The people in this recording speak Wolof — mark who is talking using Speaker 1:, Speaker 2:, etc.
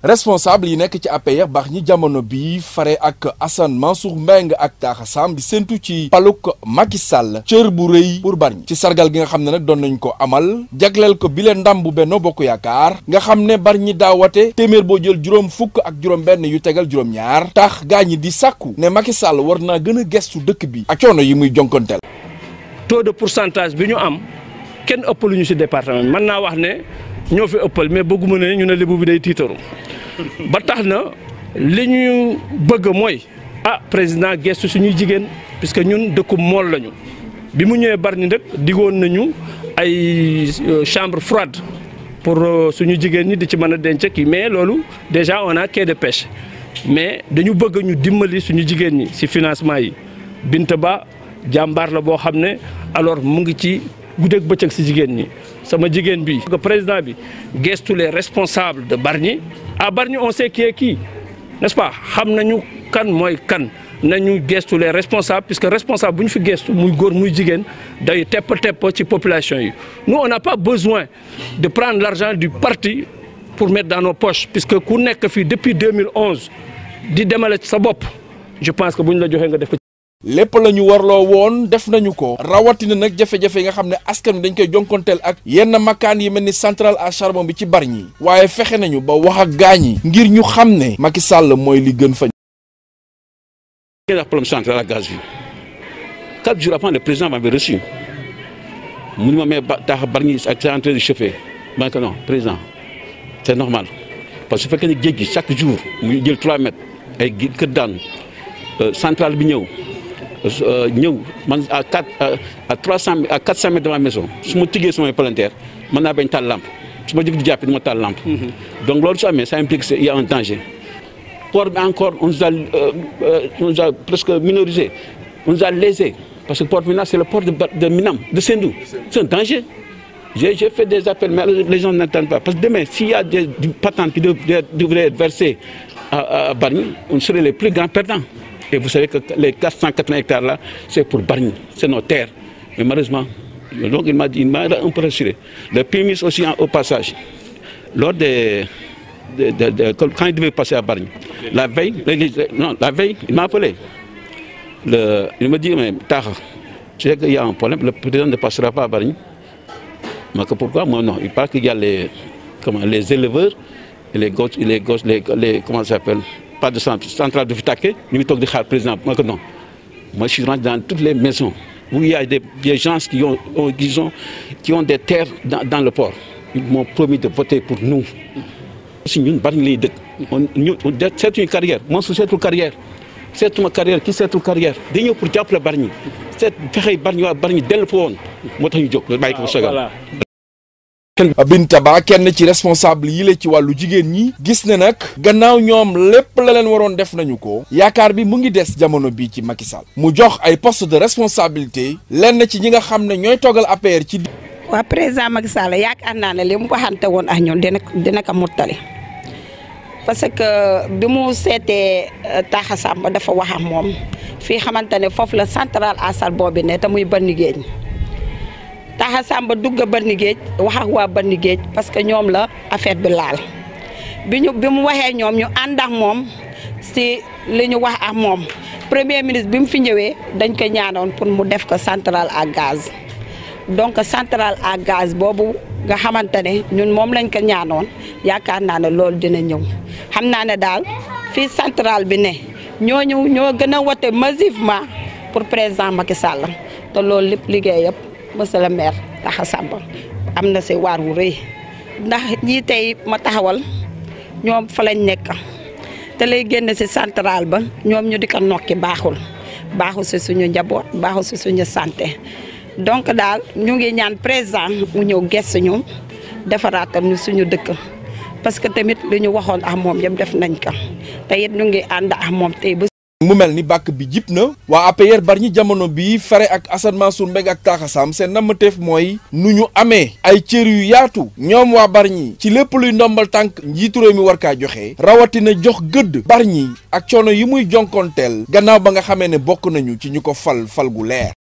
Speaker 1: responsable yi nekk ci APR ya bax ñi jamono bi fare ak Assane Mansour Mbeng ak Taaxa Sam bi sentu ci paluk Macky Sall cër bu reuy pour bañ ci sargal gi nga nak ko amal jagleel ko bile ndam bu Benno bokku yakar nga xam ne Bargny daawate téeméer bo jël juroom fukk ak juroom benn yu tegal juroom ñaar tax gaa di sakku ne Macky Sall warna gëna dëkk bi ak ciono yi muy jonkontel
Speaker 2: taux de pourcentage bi ñu am kenn ñu ci département man na wax né ñofi ëppal mais bëgguma né ñu né bi day titeru ba tax na li ñu bëgg mooy a ah, président gestu suñuy jigéen parce que ñun dëkku mool lañu bi mu ñëwee Bargny rek digoon nañu ay euh, chambre froide pour euh, suñu jigéen ñi di ci mën a denc mais loolu déjà on a quai de pêche mais dañu bëgg ñu dimbali suñu jigéen ñi si financement yi bint Ba jàmbaar la boo xam ne alors mu ngi ci guddeeg bëccëg si jigéen ñi sama jigéen bi président bi gestu les responsable de Bargny à Barni, on sait qui est qui n'est-ce pas xam kan moi kan nañu gestu les responsables puisque responsable bu sont fi gestu muy les muy jigéen day tepp population nous on n'a pas besoin de prendre l'argent du parti pour mettre dans nos poches puisque ku nekk depuis 2011 di demale sa
Speaker 1: bopp je pense que nous ñu la joxee nga lépp la ñu warloo woon def nañu ko rawatina nag jafe-jafe yi nga xam ne askan wi dañ koy jonkonteel ak yenn makaan yi mel ni centrale à charbon bi ci Bargny waaye fexe nañu ba wax ak gaañ yi ngir ñu xam ne Macky Sall mooy li gën fa.
Speaker 3: ngeen wax problème centrale à gaz quatre jours avant le président m'avait reçu mu ne ma mais tax Bargny ak c'est en train de président c'est normal parce que su fekkee ne géej chaque jour mu jël trois mètres ay kër daan euh, centrale bi ñëw. Euh, nous à 400 à mètres de ma maison su ma tiggee samay palanteer man na bañ tal lampe je ma dis que Je tal lampe. Mhm. donc lolu su ça implique qu'il il y a un danger. port encore euh, euh, on nous a presque minorisé on nous a lésé parce que port Minam c'est le port de Minam de Sendou c'est un danger. J'ai fait des appels, mais les gens n'attendent pas. Parce que demain, s'il y a des, des patentes qui devraient être versées à, à on serait les plus grands perdants. Et vous savez que les 480 hectares là, c'est pour Bargne, c'est nos terres. Mais malheureusement, donc il m'a dit, il m'a un peu Le Premier aussi, hein, au passage, lors des, de, quand il devait passer à Bargne, la veille, non, la veille, il m'a appelé. Le, il me dit, mais tard, tu sais qu'il y a un problème, le président ne passera pas à Bargne. Mais pourquoi Moi non, il parle qu'il y a les, comment, les éleveurs et les gosses, les gosses, les, les, comment ça s'appelle pas de centrale de Vitake, ni sommes de le président. Moi, non. Moi, je suis rentré dans toutes les maisons où il y a des, des gens qui ont, qui ont, qui ont des terres dans, dans le port. Ils m'ont promis de voter pour nous. C'est une carrière. Moi, c'est une carrière. C'est ma carrière. Qui c'est une carrière Nous pour diable Barni. C'est une carrière Barni. Barni, dès le fond. je suis
Speaker 1: xel Binta Ba kenn ci responsable yi la ci wàllu jigéen ñi gis ne nag gannaaw ñoom lépp la leen waroon def nañu ko yaakaar bi mu ngi des jamono bii ci Macky Sall mu jox ay poste de responsabilité lenn ci ñi nga
Speaker 4: xam ne ñooy toggal APR ci. waa président Macky Sall yaakaar naa ne li mu waxante woon ak ñoom dina dina ko mottali parce que bi mu seetee euh, taxasam Samba dafa wax ak moom fi xamante ne foofu la centrale à Sall boobu ne te muy ban liggéey Taha Samba dugg a Géej wax ak waa Bargny parce que ñoom la affaire bi laal bi ñu bi mu waxee ñoom ñu ànd ak moom si li ñu wax ak moom premier ministre bi mu fi ñëwee dañ ko ñaanoon pour mu def ko centrale à gaz donc centrale à gaz boobu nga xamante ne ñun moom lañ ko ñaanoon yaakaar naa ne loolu dina ñëw xam naa ne daal fii centrale bi ne ñoo ñooñu ñoo gën a wote massivement pour président Macky Sall te loolu lépp liggéey yëpp monsieur le maire Taxa Samb am na si waar wu rëy ndax ñii tey ma taxawal ñoom fa lañ nekk te lay génn si centrale ba ñoom ñu di ko nokki baaxul baaxul si suñu njaboot baaxul si suñu sante donc daal ñu ngi ñaan président mu ñëw gëstu ñu defaraatal ñu suñu dëkk parce que tamit li ñu waxoon ax moom yëpp def nañ ka te ñu ngi ànd ak moom tey ba mu
Speaker 1: mel ni bàkk bi jib na waa APR bari ñi jamono
Speaker 4: bii fare ak Assane Mansour Mbengue ak
Speaker 1: Taaxa seen nammateef mooy nu ñu amee ay cër yu yaatu ñoom waa bari ñi ci lépp luy ndombal tànk njiitu réew mi war kaa joxe rawatina jox gëdd bari ñi ak coono yi muy jonkonteel gannaaw ba nga xamee ne bokk nañu ci ñu ko fal fal gu leer.